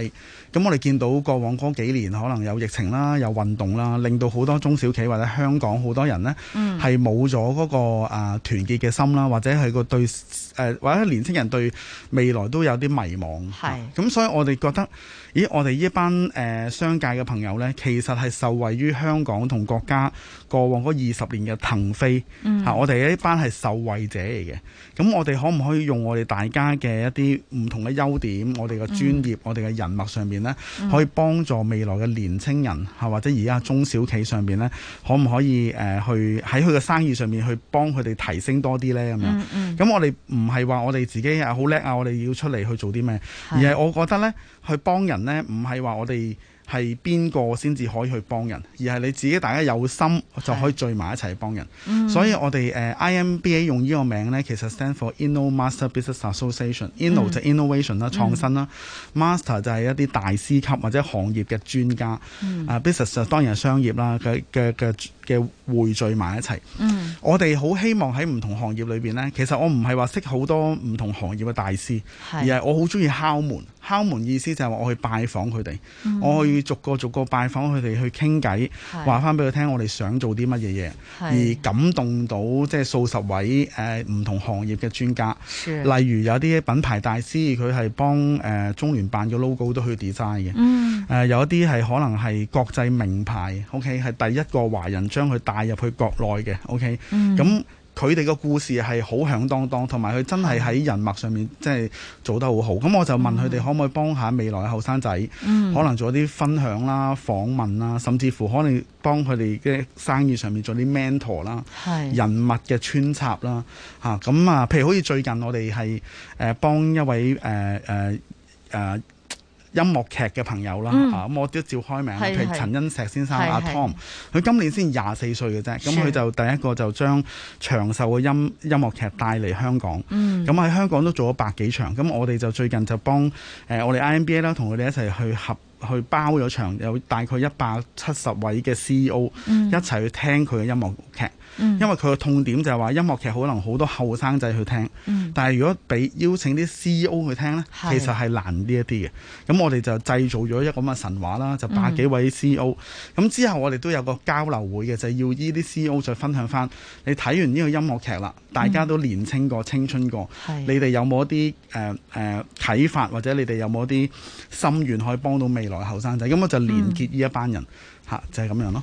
咁我哋見到過往嗰幾年可能有疫情啦，有運動啦，令到好多中小企或者香港好多人咧，係冇咗嗰個誒團、呃、結嘅心啦，或者係個對誒、呃、或者年青人對未來都有啲迷茫。係是，咁、嗯、所以我哋覺得。咦，我哋呢班誒、呃、商界嘅朋友呢，其實係受惠於香港同國家過往嗰二十年嘅騰飛、嗯啊、我哋呢班係受惠者嚟嘅。咁、啊、我哋可唔可以用我哋大家嘅一啲唔同嘅優點，我哋嘅專業，嗯、我哋嘅人脈上面呢，嗯、可以幫助未來嘅年青人、啊、或者而家中小企上面呢？可唔可以誒、呃、去喺佢嘅生意上面去幫佢哋提升多啲呢？咁樣咁、嗯嗯啊、我哋唔係話我哋自己啊好叻啊，我哋要出嚟去做啲咩？而係我覺得呢。去幫人呢，唔係話我哋係邊個先至可以去幫人，而係你自己大家有心就可以聚埋一齊幫人。嗯、所以我哋、uh, IMBA 用呢個名呢，其實 stand for Inno Master Business Association、Inno 嗯。Inno 就 innovation 啦，創新啦、嗯、master 就係一啲大師級或者行業嘅專家。啊、嗯 uh, business 就當然係商業啦，嘅嘅嘅。嘅匯聚埋一齊，嗯、我哋好希望喺唔同行業裏邊咧，其實我唔係話識好多唔同行業嘅大師，是而係我好中意敲門敲門意思就係話我去拜訪佢哋，嗯、我去逐個逐個拜訪佢哋去傾偈，話翻俾佢聽我哋想做啲乜嘢嘢，是而感動到即係數十位誒唔、呃、同行業嘅專家，是例如有啲品牌大師，佢係幫誒、呃、中聯辦嘅 logo 都去 design 嘅，誒、嗯呃、有一啲係可能係國際名牌，OK 係第一個華人。將佢帶入去國內嘅，OK，咁佢哋嘅故事係好響當當，同埋佢真係喺人脈上面真係做得好好。咁我就問佢哋可唔可以幫下未來嘅後生仔，嗯、可能做啲分享啦、訪問啦，甚至乎可能幫佢哋嘅生意上面做啲 mentor 啦、是人物嘅穿插啦，嚇咁啊，譬如好似最近我哋係誒幫一位誒誒誒，呃呃呃音樂劇嘅朋友啦，啊、嗯，咁我都照開名，譬是如陳恩石先生阿，是 Tom，佢今年先廿四歲嘅啫，咁佢是就第一個就將長壽嘅音音樂劇帶嚟香港，咁喺、嗯、香港都做咗百幾場，咁我哋就最近就幫誒我哋 IMBA 啦，同佢哋一齊去合去包咗場，有大概一百七十位嘅 CEO 一齊去聽佢嘅音樂劇。嗯因為佢個痛點就係話音樂劇可能好多後生仔去聽，但係如果俾邀請啲 C E O 去聽呢，其實係難啲一啲嘅。咁是我哋就製造咗一個咁嘅神話啦，就百幾位 C E O、嗯。咁之後我哋都有個交流會嘅，就係、是、要呢啲 C E O 再分享翻你睇完呢個音樂劇啦，大家都年輕過、青春過，是你哋有冇一啲誒誒啟發，或者你哋有冇一啲心願可以幫到未來嘅後生仔？咁我就連結呢一班人嚇、嗯啊，就係、是、咁樣咯。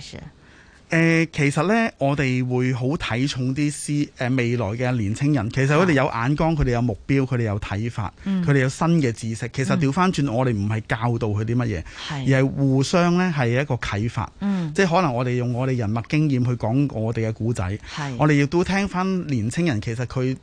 誒是、呃，其實呢，我哋會好睇重啲師誒，未來嘅年青人，其實佢哋有眼光，佢哋、啊、有目標，佢哋有睇法，佢哋、嗯、有新嘅知識。其實調翻轉，嗯、我哋唔係教導佢啲乜嘢，嗯、而係互相呢係一個啟發。嗯、即係可能我哋用我哋人物經驗去講我哋嘅古仔，嗯、我哋亦都聽翻年青人，其實佢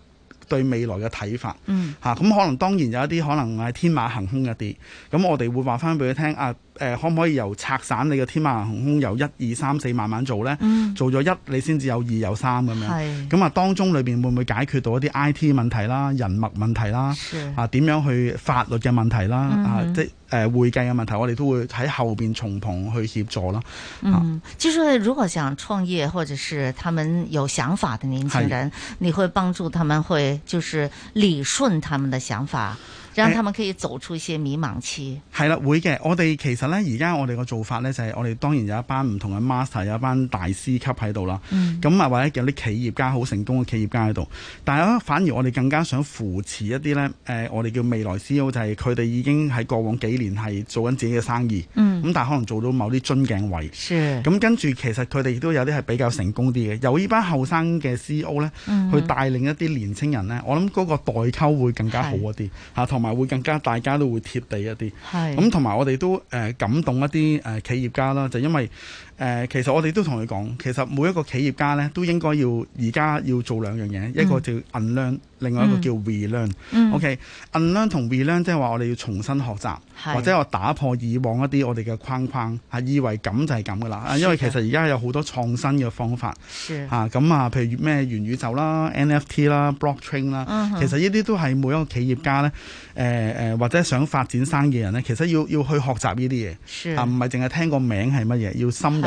對未來嘅睇法，吓咁、嗯啊、可能當然有一啲可能係天馬行空一啲，咁我哋會話翻俾佢聽啊。誒、呃，可唔可以由拆散你嘅天馬行空，由一二三四慢慢做呢？嗯、做咗一，你先至有二有三咁樣。咁是啊，當中裏邊會唔會解決到一啲 I T 問題啦、人脈問題啦？是啊，點樣去法律嘅問題啦？嗯、啊，即係誒、呃、會計嘅問題，我哋都會喺後邊從旁去協助啦。嗯，就是、啊、如果想創業，或者是他們有想法的年輕人，是你會幫助他們會，就是理順他們的想法。讓他們可以走出一些迷茫期。係啦、欸，會嘅。我哋其實呢，而家我哋個做法呢，就係、是，我哋當然有一班唔同嘅 master，有一班大師級喺度啦。嗯。咁啊，或者有啲企業家好成功嘅企業家喺度，但係反而我哋更加想扶持一啲呢。誒、呃，我哋叫未來 CEO，就係佢哋已經喺過往幾年係做緊自己嘅生意。嗯。咁但係可能做到某啲樽頸位。是。咁、嗯、跟住，其實佢哋亦都有啲係比較成功啲嘅，由呢班後生嘅 CEO 呢，去帶領一啲年青人呢。嗯、我諗嗰個代溝會更加好一啲吓，同埋是。啊會更加大家都會貼地一啲，係咁，同埋我哋都誒感動一啲誒企業家啦，就因為。誒，其實我哋都同佢講，其實每一個企業家咧，都應該要而家要做兩樣嘢，一個叫 unlearn，另外一個叫 relearn。O.K. unlearn 同 relearn 即係話我哋要重新學習，或者我打破以往一啲我哋嘅框框，係以為咁就係咁噶啦。因為其實而家有好多創新嘅方法。是。咁啊，譬如咩元宇宙啦、NFT 啦、blockchain 啦，其實呢啲都係每一個企業家咧，或者想發展生意嘅人咧，其實要要去學習呢啲嘢，啊，唔係淨係聽個名係乜嘢，要深入。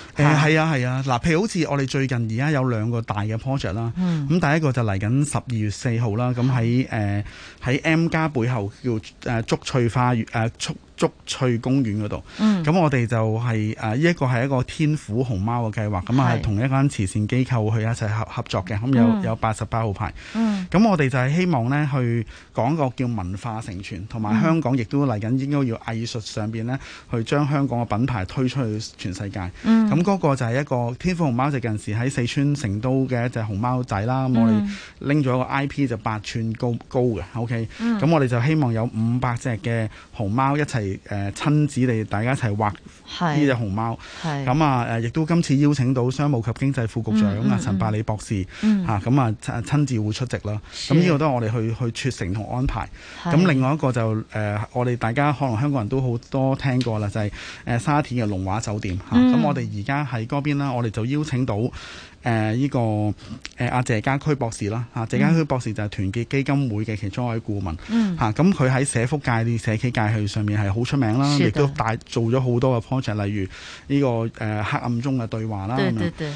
誒係啊係啊，嗱、啊，譬、啊、如好似我哋最近而家有兩個大嘅 project 啦，嗯，咁第一個就嚟緊十二月四號啦，咁喺誒喺 M 家背後叫誒竹、呃、翠花園誒竹。呃竹翠公園嗰度，咁、嗯、我哋就係誒呢一個係一個天府熊貓嘅計劃，咁啊同一間慈善機構去一齊合合作嘅，咁、嗯、有有八十八號牌，咁、嗯、我哋就係希望呢去講個叫文化承傳，同埋香港亦都嚟緊應該要藝術上面呢去將香港嘅品牌推出去全世界，咁嗰、嗯、個就係一個天府熊貓就係近時喺四川成都嘅一隻熊貓仔啦，咁、嗯、我哋拎咗個 IP 就八寸高高嘅，OK，咁、嗯、我哋就希望有五百隻嘅熊貓一齊。誒親子嚟，大家一齊畫呢隻熊貓。咁啊，誒亦都今次邀請到商務及經濟副局長啊，嗯嗯、陳百里博士嚇，咁、嗯、啊親，親自會出席啦。咁呢是個都係我哋去去促成同安排。咁是另外一個就誒、呃，我哋大家可能香港人都好多聽過啦，就係、是、誒沙田嘅龍華酒店嚇。咁、嗯啊、我哋而家喺嗰邊啦，我哋就邀請到。誒依、呃這個誒阿謝家駒博士啦，嚇、啊、謝、嗯、家駒博士就係團結基金會嘅其中一位顧問，咁佢喺社福界、社企界上面係好出名啦，亦都大做咗好多嘅 project，例如呢、這個、呃、黑暗中嘅對話啦，咁誒對、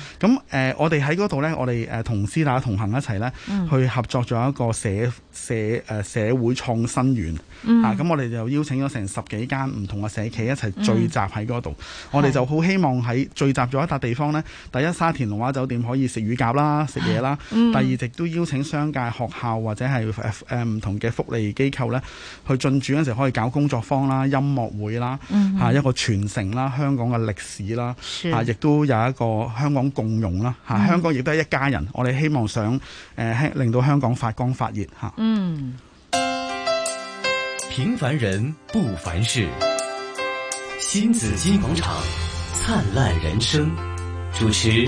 呃、我哋喺嗰度呢，我哋同思達同行一齊呢，嗯、去合作咗一個社社社會創新園，嚇咁、嗯啊、我哋就邀請咗成十幾間唔同嘅社企一齊聚集喺嗰度，嗯、我哋就好希望喺聚集咗一笪地方呢，第一沙田龍華酒店。可以食乳鴿啦，食嘢啦。嗯、第二，亦都邀請商界、學校或者係誒唔同嘅福利機構咧，去進駐嗰陣時可以搞工作坊啦、音樂會啦，嗯、哼一個傳承啦、香港嘅歷史啦，亦是、啊、都有一個香港共融啦，嗯、香港亦都係一家人。我哋希望想令到、呃、香港發光發熱、啊、嗯，平凡人不凡事，新紫金廣場，燦爛人生，主持。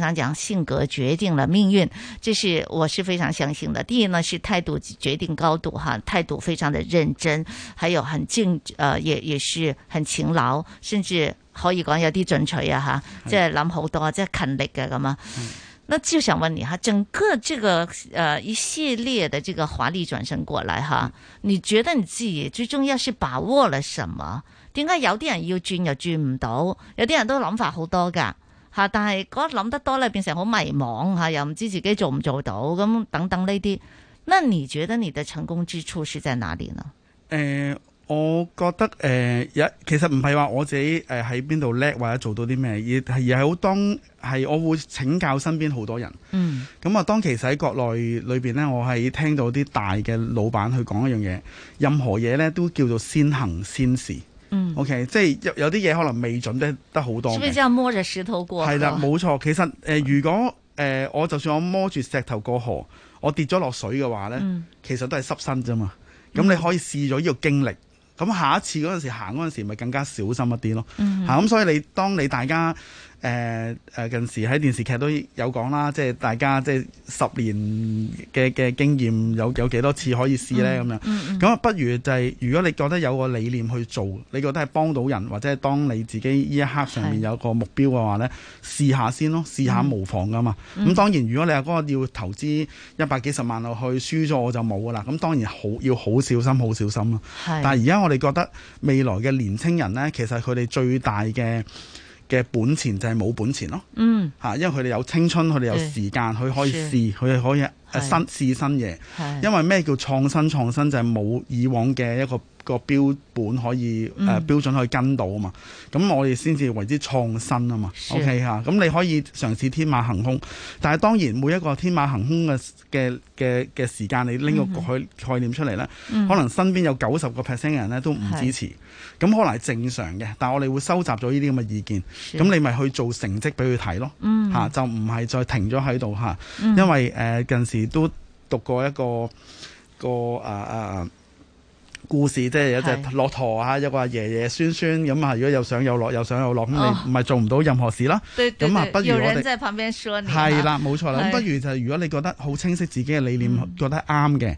常講性格決定了命運，這是我是非常相信的。第一呢，是態度決定高度，哈、啊，態度非常的認真，還有很精，誒、呃，也也是很勤勞，甚至可以講有啲進取啊，哈，即係諗好多，即係勤力嘅咁啊。嗯、那就想問你哈，整個這個，誒、呃，一系列的這個華麗轉身過來，哈、啊，嗯、你覺得你自己最重要是把握了什麼？點解有啲人要轉又轉唔到？有啲人都諗法好多噶。吓，但係嗰諗得多咧，變成好迷茫吓，又唔知自己做唔做到咁等等呢啲。那你覺得你的成功之處是在哪裡呢？誒、呃，我覺得誒，有、呃、其實唔係話我自己誒喺邊度叻，或者做到啲咩，而而係好當係我會請教身邊好多人。嗯，咁啊，當其實喺國內裡邊呢，我係聽到啲大嘅老闆去講一樣嘢，任何嘢呢，都叫做先行先試。嗯，OK，即係有有啲嘢可能未準得得好多，係咪叫摸着石頭過河？係啦，冇錯。其實、呃、如果誒我、呃、就算我摸住石頭過河，我跌咗落水嘅話呢，嗯、其實都係濕身啫嘛。咁你可以試咗呢個經歷，咁、嗯、下一次嗰陣時行嗰陣時，咪更加小心一啲咯。嚇、嗯哼，咁所以你當你大家。誒誒近時喺電視劇都有講啦，即係大家即係十年嘅嘅經驗有有幾多次可以試呢？咁樣、嗯。咁、嗯、啊，嗯、不如就係、是、如果你覺得有個理念去做，你覺得係幫到人或者係當你自己呢一刻上面有個目標嘅話呢是試下先咯，試下無妨噶嘛。咁、嗯、當然，如果你話嗰個要投資一百幾十萬落去，輸咗我就冇噶啦。咁當然好要好小心，好小心咯、啊。是但係而家我哋覺得未來嘅年青人呢，其實佢哋最大嘅。嘅本錢就係冇本錢咯，吓、嗯，因為佢哋有青春，佢哋有時間，佢是可以試，佢哋是可以誒、啊、新試是新嘢。是因為咩叫創新？創新就係冇以往嘅一個個標本可以標、呃、標準去跟到啊嘛，咁、嗯、我哋先至為之創新啊嘛。是 OK 吓，咁你可以嘗試天馬行空，但係當然每一個天馬行空嘅嘅嘅嘅時間，你拎個概概念出嚟呢，嗯嗯、可能身邊有九十個 percent 嘅人呢都唔支持，咁是可能係正常嘅。但係我哋會收集咗呢啲咁嘅意見，咁是你咪去做成績俾佢睇咯。嗯哼啊、就唔係再停咗喺度吓，因為、呃、近時都讀過一個,個、啊故事即係有隻駱駝啊，是有個爺爺孫孫咁啊。如果又上又落，又上又落，咁、哦、你唔係做唔到任何事啦。咁啊，不如我哋係啦，冇錯啦。咁的不如就係如果你覺得好清晰自己嘅理念，嗯、覺得啱嘅。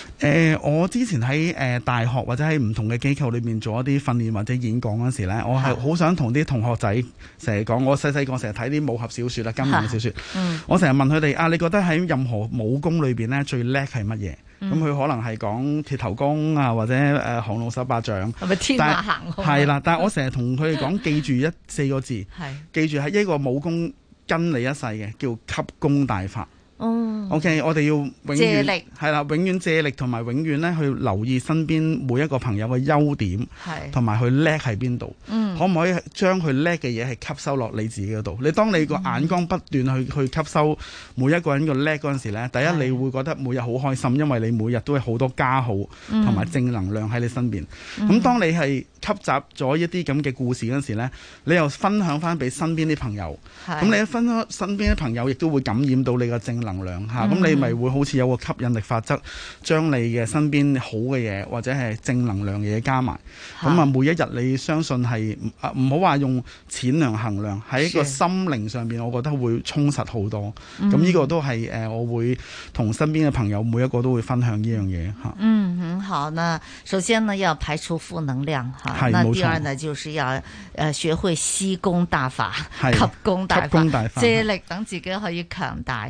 誒、呃，我之前喺誒、呃、大學或者喺唔同嘅機構裏面做一啲訓練或者演講嗰陣時咧，的我係好想同啲同學仔成日講，嗯、我細細個成日睇啲武俠小説啦、金庸小説。嗯，我成日問佢哋啊，你覺得喺任何武功裏邊呢，最叻係乜嘢？咁佢可能係講鐵頭功啊，或者誒降龍十八掌。係、啊、咪、啊、天馬行空？係啦但， 但係我成日同佢哋講，記住一四個字， 的記住係一個武功跟你一世嘅，叫吸功大法。Okay, 嗯 o k 我哋要永遠係力啦，永遠借力同埋永遠咧去留意身邊每一個朋友嘅優點同埋佢叻係邊度，可唔可以將佢叻嘅嘢係吸收落你自己嗰度？你當你個眼光不斷去、嗯、去吸收每一個人嘅叻嗰陣時咧，第一是你會覺得每日好開心，因為你每日都有好多加號同埋正能量喺你身邊咁、嗯、當你係吸集咗一啲咁嘅故事嗰陣時咧，你又分享翻俾身邊啲朋友，咁是你一分享身邊啲朋友，亦都會感染到你嘅正能。能量吓，咁、嗯、你咪會好似有個吸引力法則，將你嘅身邊好嘅嘢或者係正能量嘅嘢加埋，咁啊，每一日你相信係唔唔好話用錢量衡量，喺個心靈上面我覺得會充實好多。咁呢是、嗯、個都係誒、呃，我會同身邊嘅朋友每一個都會分享呢樣嘢吓。嗯、啊、嗯，好。嗱，首先呢，要排除負能量吓，是那第二呢，錯就是要誒學會吸功大法、是吸功大法、借力等自己可以強大。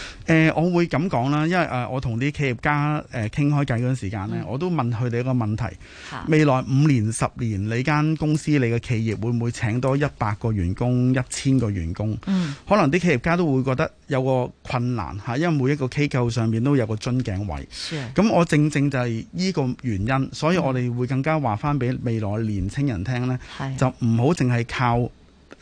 誒、呃，我會咁講啦，因為、呃、我同啲企業家誒傾開偈嗰陣時間、嗯、我都問佢哋一個問題：未來五年、十年，你間公司、你嘅企業會唔會請多一百個員工、一千個員工？嗯，可能啲企業家都會覺得有個困難吓，因為每一個機構上面都有個樽頸位。咁 Yeah. 我正正就係依個原因，所以我哋會更加話翻俾未來年青人聽呢，嗯、就唔好淨係靠。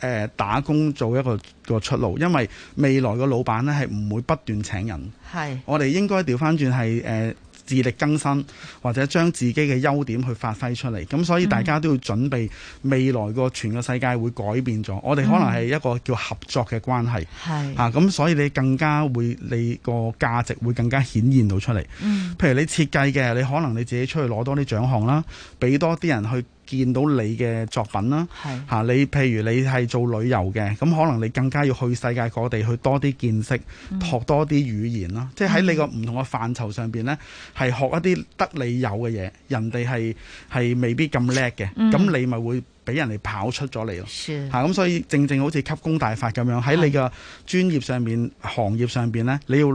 誒、呃、打工做一個一個出路，因為未來個老闆咧，係唔會不斷請人，係是我哋應該調翻轉，係、呃、誒自力更生，或者將自己嘅優點去發揮出嚟，咁所以大家都要準備，未來個全個世界會改變咗。嗯、我哋可能係一個叫合作嘅關係，係是啊，咁所以你更加會，你個價值會更加顯現到出嚟。嗯，譬如你設計嘅，你可能你自己出去攞多啲獎項啦，俾多啲人去。見到你嘅作品啦，嚇你譬如你係做旅遊嘅，咁可能你更加要去世界各地去多啲見識，學多啲語言咯。嗯、即係喺你個唔同嘅範疇上邊呢，係學一啲得你有嘅嘢，人哋係係未必咁叻嘅，咁你咪會，俾人哋跑出咗嚟咯，嚇咁是、啊嗯、所以正正好似吸功大法咁樣喺你嘅專業上面、行業上面呢，你要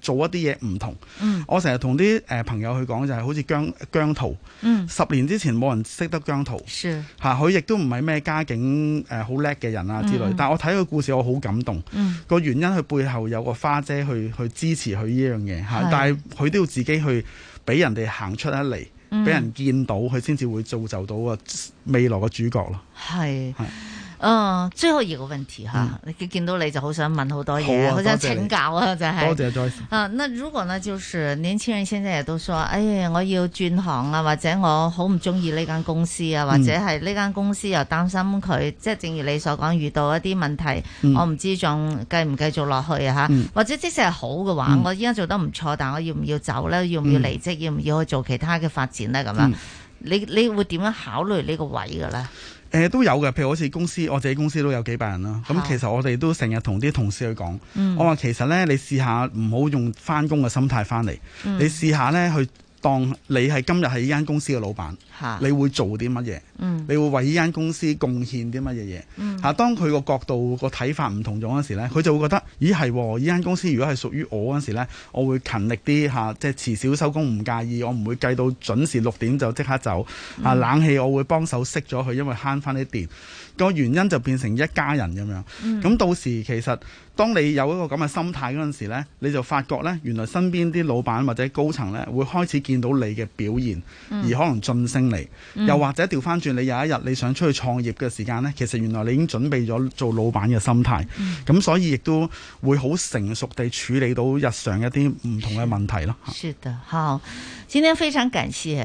做一啲嘢唔同。嗯，我成日同啲誒朋友去講就係好似姜姜濤，嗯，十年之前冇人識得姜濤，嚇佢亦都唔係咩家境誒好叻嘅人啊之類，嗯、但係我睇個故事我好感動，個、嗯、原因佢背後有個花姐去去支持佢呢樣嘢嚇，但係佢都要自己去俾人哋行出一嚟。啊啊啊啊俾人見到，佢先至會造就到個未來嘅主角咯。係是。嗯，最後一個問題吓，你見到你就好想問好多嘢，好想請教啊，真係。多謝多啊，那如果呢，就是年輕人先生亦都說話，哎我要轉行啊，或者我好唔中意呢間公司啊，或者係呢間公司又擔心佢，即係正如你所講遇到一啲問題，我唔知仲繼唔繼續落去啊吓，或者即使係好嘅話，我依家做得唔錯，但我要唔要走咧？要唔要離職？要唔要去做其他嘅發展咧？咁樣，你你會點樣考慮呢個位嘅咧？誒都有嘅，譬如好似公司，我自己公司都有幾百人啦。咁好其實我哋都成日同啲同事去講，嗯、我話其實呢，你試下唔好用返工嘅心態返嚟，嗯、你試下呢去，當你係今日係呢間公司嘅老闆，哈你會做啲乜嘢？嗯、你會為呢間公司貢獻啲乜嘢嘢？嚇、嗯，當佢個角度個睇法唔同咗嗰時呢，佢就會覺得，咦係？呢間公司如果係屬於我嗰時呢，我會勤力啲嚇，即係遲少收工唔介意，我唔會計到準時六點就即刻走。嗯、啊，冷氣我會幫手熄咗佢，因為慳翻啲電。個原因就變成一家人咁樣，咁、嗯、到時其實當你有一個咁嘅心態嗰陣時呢，你就發覺呢，原來身邊啲老闆或者高層呢，會開始見到你嘅表現，嗯、而可能晉升你。又或者調翻轉，你有一日你想出去創業嘅時間呢，其實原來你已經準備咗做老闆嘅心態，咁、嗯、所以亦都會好成熟地處理到日常一啲唔同嘅問題咯。是的，好，今天非常感謝。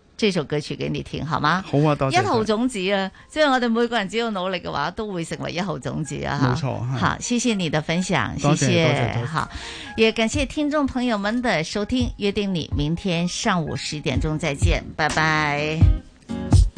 這首歌曲給你聽，好嗎？好啊，多謝。一號種子啊，即係對我哋每個人只要努力嘅話，都會成為一號種子啊！冇錯哈好，謝謝你的分享，謝,謝謝，謝謝好，也感謝聽眾朋友們的收聽，約定你明天上午十點鐘再見，拜拜。